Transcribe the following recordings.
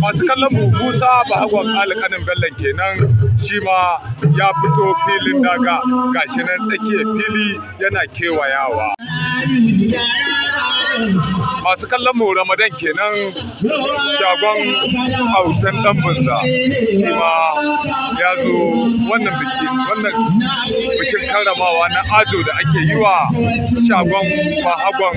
masu kallon mu musa bahagon alƙanin bellon kenan shi ma ya fito filin daga gashi nan tsakiyar fili yana kewayawa masu kallon mu ramadan kenan shagon autan dan bunza shi ma ya zo wannan biki wannan bikin karramawa na ajo da ake yi wa shagon bahagon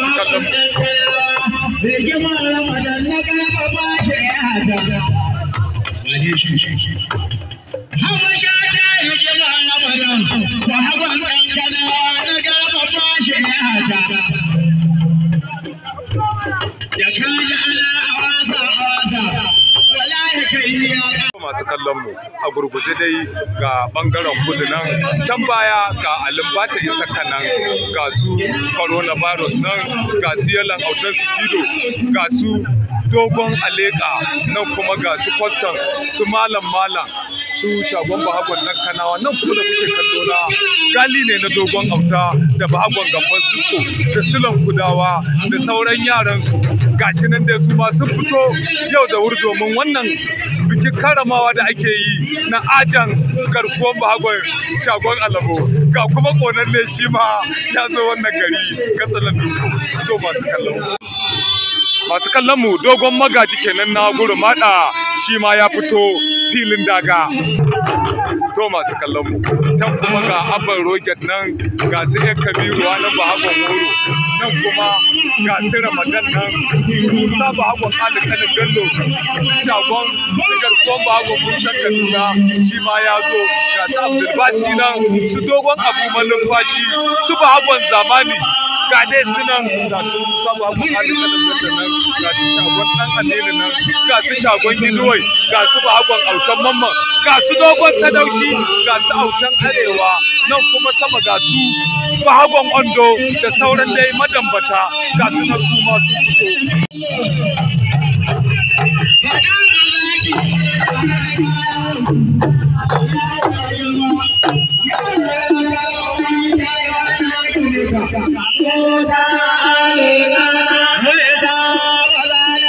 masu kallon mu. Rigimar Ramadan na karfafa shi ya hada. mu a gurguje dai ga bangaren kudu nan can baya ga alimbata isa nan ga su coronavirus nan ga su yalan autar su kido ga su dogon aleka nan kuma ga su kwastan su malam malam su shagon bahagon nan kanawa nan kuma da kuke kallo na gali ne na dogon auta da bahagon gaban sisko da sulan kudawa da sauran yaran su gashi nan dai su ma sun fito yau da wuri domin wannan bikin karamawa da ake yi na ajan garkuwan bahagon shagon alabo ga kuma ƙonanne shi ma ya zo wannan gari katsalan dubu to masu kallon masu kallon mu dogon magaji kenan na gurin mada shi ma ya fito filin daga to masu kallon mu can kuma ga abin roget nan ga su yan kabiru na bahagon wuro nan kuma ga sai ramadan nan musa ba hagon kanin bello shagon shigar kwan ba hagon kusan kaduna shi ma ya zo ga su abdulbasi nan su dogon abu malumfaci su ba hagon zamani ga dai sunan ga su sababu alƙalin da nan ga su shagon ɗan alele nan ga su shagon giduwai ga su ba bahagon autan mamman ga su dogon sadauki ga su autan arewa nan kuma sama ga su ba bahagon ondo da sauran dai madambata ga su nan su masu fito تھا علي کا ہے جا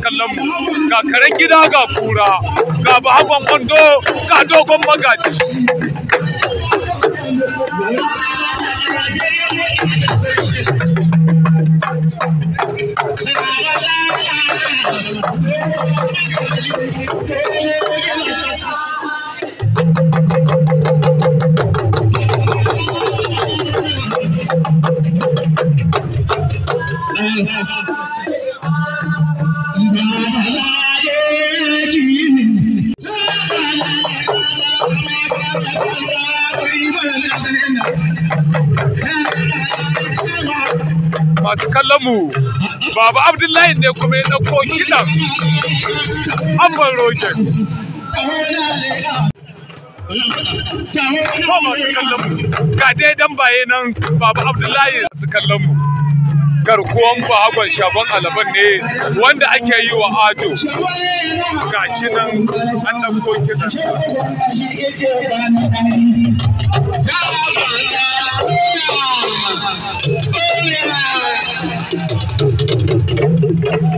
kalam mu ga karen gida ga kura ga ba bahaban wando ga dogon magaji Thank you. masu kallon mu baba abdullahi ne kuma ya ɗauko kiɗan amban rojen ko masu kallon mu ga dai dan baye nan baba abdullahi su kallon mu garkuwan bahagon shagon alaban ne wanda ake yi wa ajo ga shi nan an ɗauko kiɗan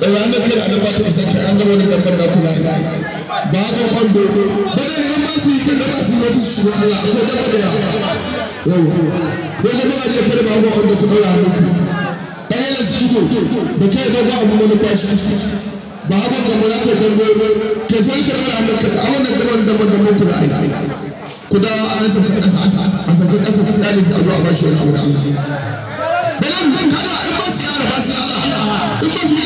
da ranar kai da ba ta sake an gaba da lambar da kuma ina ba ga ba da ne da ba Allah akwai dabba da yawa yawa ko kuma a je kada ba ga wando ku dora muku bayan su kike da kai da ba abu ne ba shi ba abin da mun aka dambo ke sai ka dora Allah ka amma da dora da ban da muku da ai ku a Allah Balan kada in ba su yara ba su Allah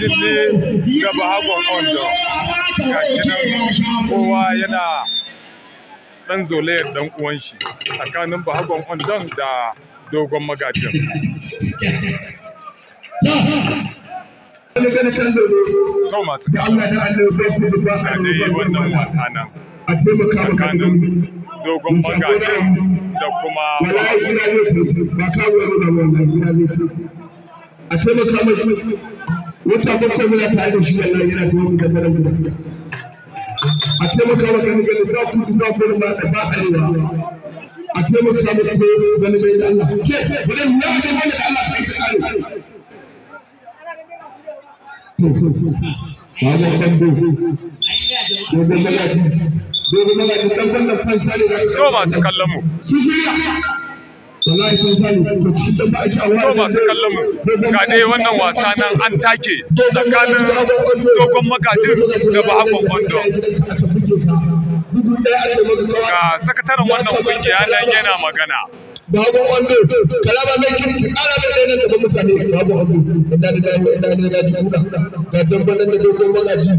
mitin ne da bahagon ondo gashi nan kowa yana dan zolayar dan uwan shi tsakanin bahagon ondon da dogon magajin Kau masu kawo, ga nan tsakanin dogon magajin da kuma a taimaka mai wata bakwai muna tare da shi wallahi yana da wani gaba da gaba a taimaka wa kan gani ba kudu ba kudu ba da ba a taimaka wa ko wani mai da Allah ke wani na da wani da Allah sai ka kare ba mu kan do do da malaji da fansa ne da ko ba ta kallon mu To masu kallon mu ga dai wannan wasa nan an take tsakanin dogon magajin da ba bahakon wando. Ga sakataren wannan kungiya nan yana magana. Babu wando, kalaba mai kirki, ƙara mai ɗaya da mutane, babu wando, inda da dawo, inda da dawo, ji kuna, ga dambanan da dogon magaji,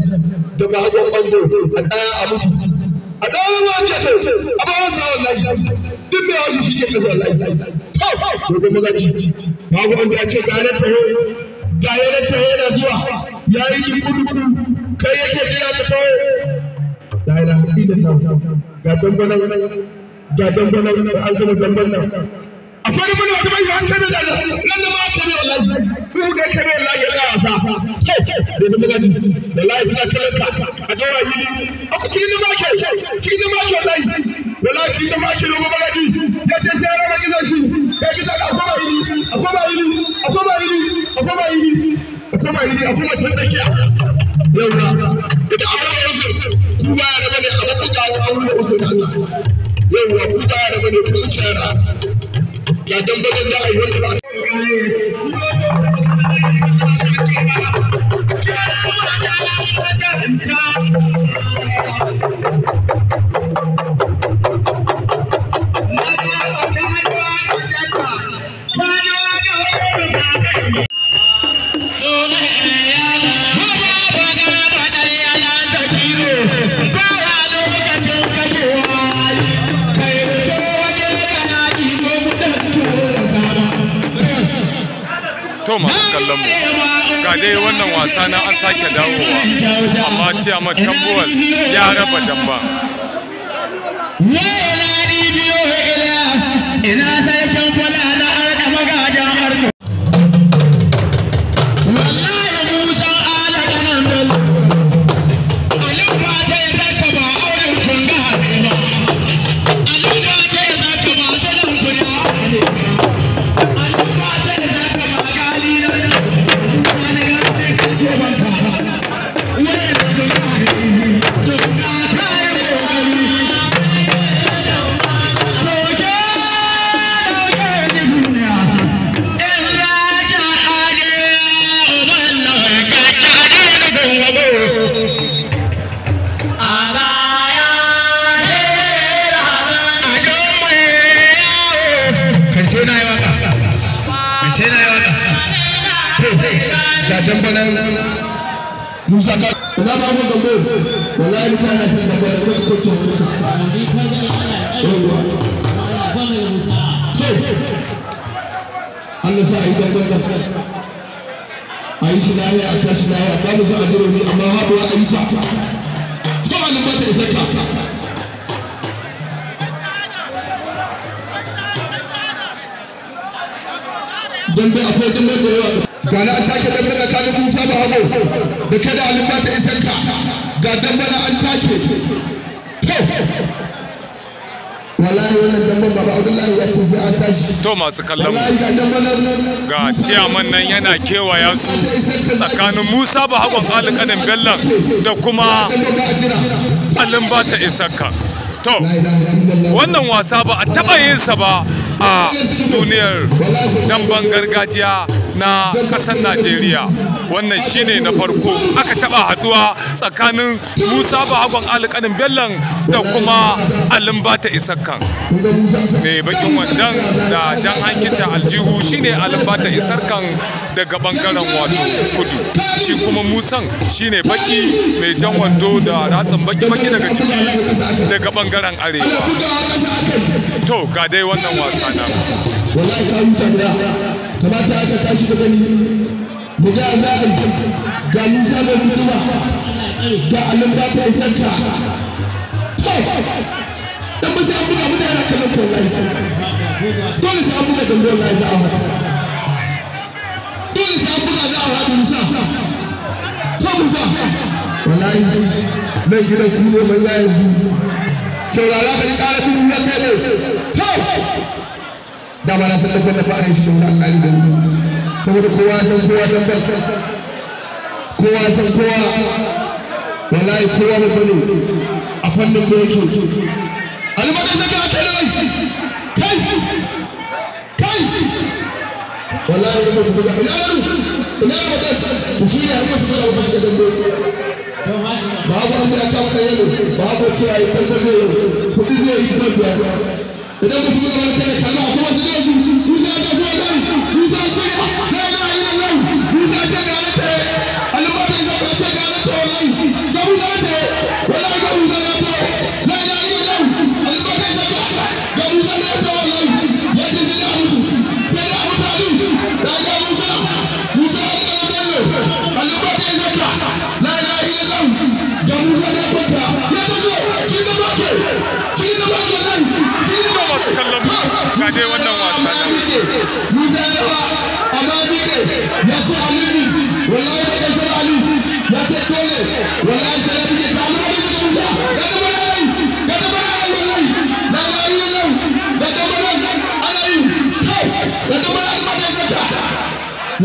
da babu wando, a tsaya a mutu. A ɗaya wani wace to, a ba wasu wallahi. duk mai wasu shi ke kasa wallahi to ko maza ci babu wanda ya ce ga na taho ga na taho yana zuwa ya yi duku kai yake jira ka taho la ilaha illallah ga dambana ga dambana an gama dambana akwai rubin wata bai an kare da nan da ma ka ne wallahi ku ga ka ne wallahi ya tsaya sa da da magaji wallahi suna kallon ka a dawa yini aku cikin da ma ke cikin da ma ke wallahi Lalaci da maki da gwamnati ya ce sai rama gizo shi ya gizo da akwai ba ili akwai ba ili akwai ba ili akwai ba ili akwai ba ili akwai macen tsakiya. Yauwa idan an rama usur ku baya da bane a mabugawa a wurin usur Allah. Yauwa ku baya da bane ku wuce yara. Ya dan bazan za a yi wanda ba koma masu kallon mu ga dai wannan wasa na an sake dawowa amma ce a matabuwal ya raba damba ina ga dambanan musa ka ina ba mu gambo wallahi ta na sai da gwada ko ko to ta Allah sa ai damban da ai shi da ya aka shi da ya ba mu sa ajiro ni amma ha ba ai ta to alin ta isa ka dambe akwai dambe da yawa Ga na an take dambe tsakanin Musa Bahago da hago da Alimba ta isan ka, ga dambe na an take to wallahi wannan damben baba Abdullahi ya ce sai an tashi to masu kallon ga ciyaman nan yana kewaya su tsakanin Musa ba hago Alƙanin Bello da kuma Alimba ta ka. to wannan wasa ba a taɓa yinsa ba a duniyar damben gargajiya na kasar najeriya wannan shine na farko aka taba haduwa tsakanin musa bahagon alƙalin bellan da kuma alimbata isakkan mai bakin wandan da jan hankicin aljihu shine alimbata isakkan daga bangaren wato kudu shi kuma musan shine baki mai jan wando da ratsin baki-baki daga jiki daga bangaren arewa to ga dai wannan wasa nan kamata aka tashi da gani mu ga za a yi ga musa mai guduma ga ba ta isanka to dan ba sai an buga mutane yana kallon kowallahi dole sai an buga dambe wallahi za a haɗu dole sai an buga za a haɗu musa to musa wallahi nan gidan ku ne mai yanzu saurara ka ni ƙara dubu na kai ne to da ba na san dabbar da ba a yi shi da wani alƙali da wani saboda kowa san kowa dabbar kowa san kowa wallahi kowa da bane a fannin da yake almadai zaka a kai kai kai wallahi ina ku buga ina yaro ina yaro kai ku shi ne amma su buga ku shiga dambe babu an biya kawo kan yalo babu cewa ya tabbatar kuɗi zai yi kuma biya idan ba su buga ba kana kama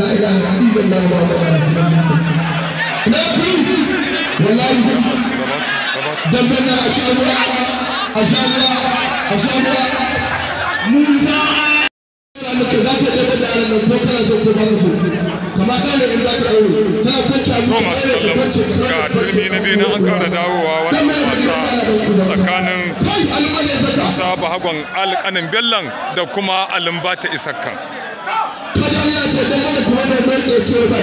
la ilaha illallah wa ta'ala rasulullah na bi wallahi dambana ashhadu ashhadu ashhadu musa muke za a mutum ɗaya dawowa wasa tsakanin Musa Bahagon Bellan da kuma Alimbata Isakka. wata ce dan wanda kuma da mai ce fa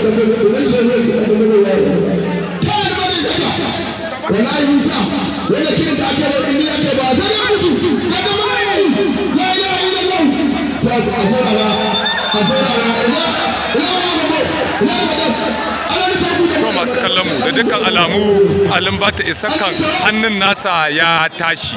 da masu kallon mu da dukkan alamu alin ba ta isa kan hannun nasa ya tashi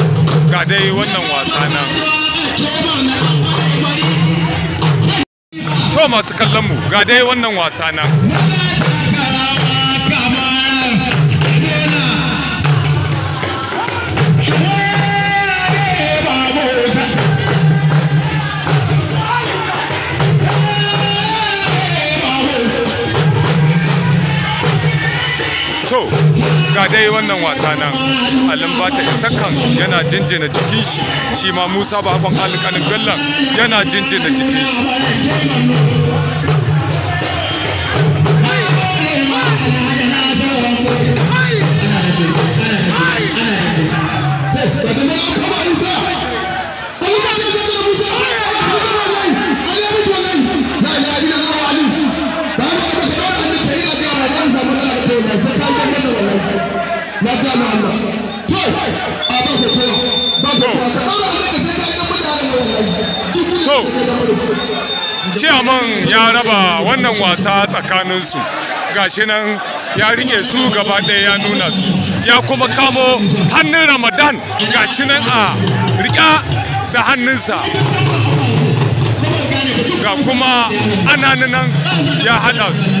ga dai wannan wasa nan to masu kallon mu ga dai wannan wasa nan a dai wannan wasa nan ba ta isakan yana jinjina jikin shi shi ma musa bakon alƙalin bellan yana jinjina jikin shi Come on! na gano Allah to a ba ku kowa ba ku kowa ka ɗaura a maka sai ka ga mutane na wallahi duk gudun da ka gama da su Ciyaman ya raba wannan wasa tsakaninsu gashi nan ya rike su gaba ɗaya ya nuna su ya kuma kamo hannun ramadan gashi nan a riƙa da hannunsa ga kuma ananan ya haɗa su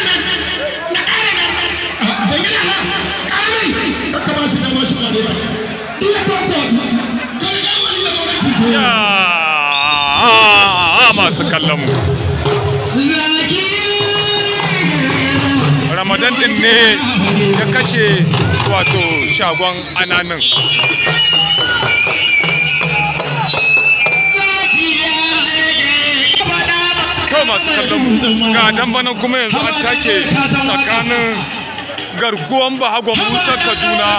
masu ramadan din ne ya kashe wato shagon ananin to masu kallon ga dambanan kuma yanzu a take tsakanin garkuwan bahagon musa kaduna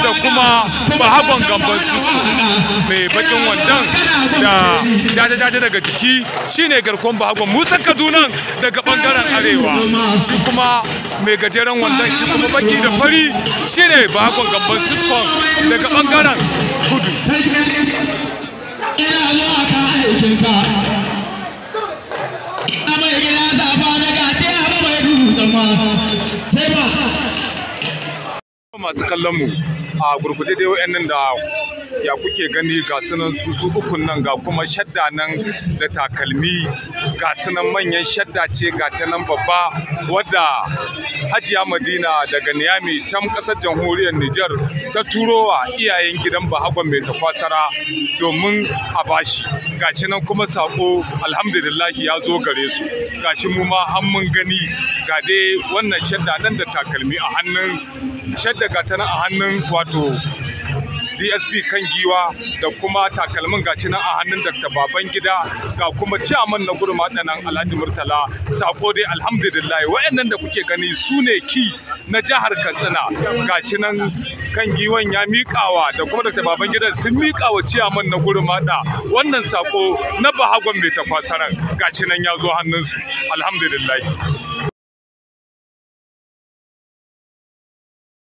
da kuma bahagon gamban susu mai bakin wandan da jajajaja daga jiki shine garkuwan bahagon musa kaduna daga bangaren arewa shi kuma mai gajeren wandan shi kuma baki da fari shine bahagon gamban susu daga bangaren kudu Sai ba. masu kallon mu a gurguje dai wa'annan da ya kuke gani ga sunan su su ukun nan ga kuma shadda nan da takalmi ga sunan manyan shadda ce ga ta nan babba wadda hajiya madina daga niyami can kasar jamhuriyar niger ta turo wa iyayen gidan bahagwan mai takwasara domin a bashi ga shi nan kuma sako alhamdulillah ya zo gare su ga shi mu ma an mun gani ga dai wannan shadda nan da takalmi a hannun shadda ga ta nan a hannun wato dsp kan giwa da kuma takalmin gaci nan a hannun dr babangida ga kuma ciyaman na gurma ɗanan alhaji murtala sako dai alhamdulillah wa'annan da kuke gani su ne ki na jihar katsina gaci nan kan giwan ya mikawa da kuma dr babangida sun mikawa ciyaman na gurma ɗa wannan sako na bahagon mai tafasaran gaci nan ya zo hannunsu alhamdulillah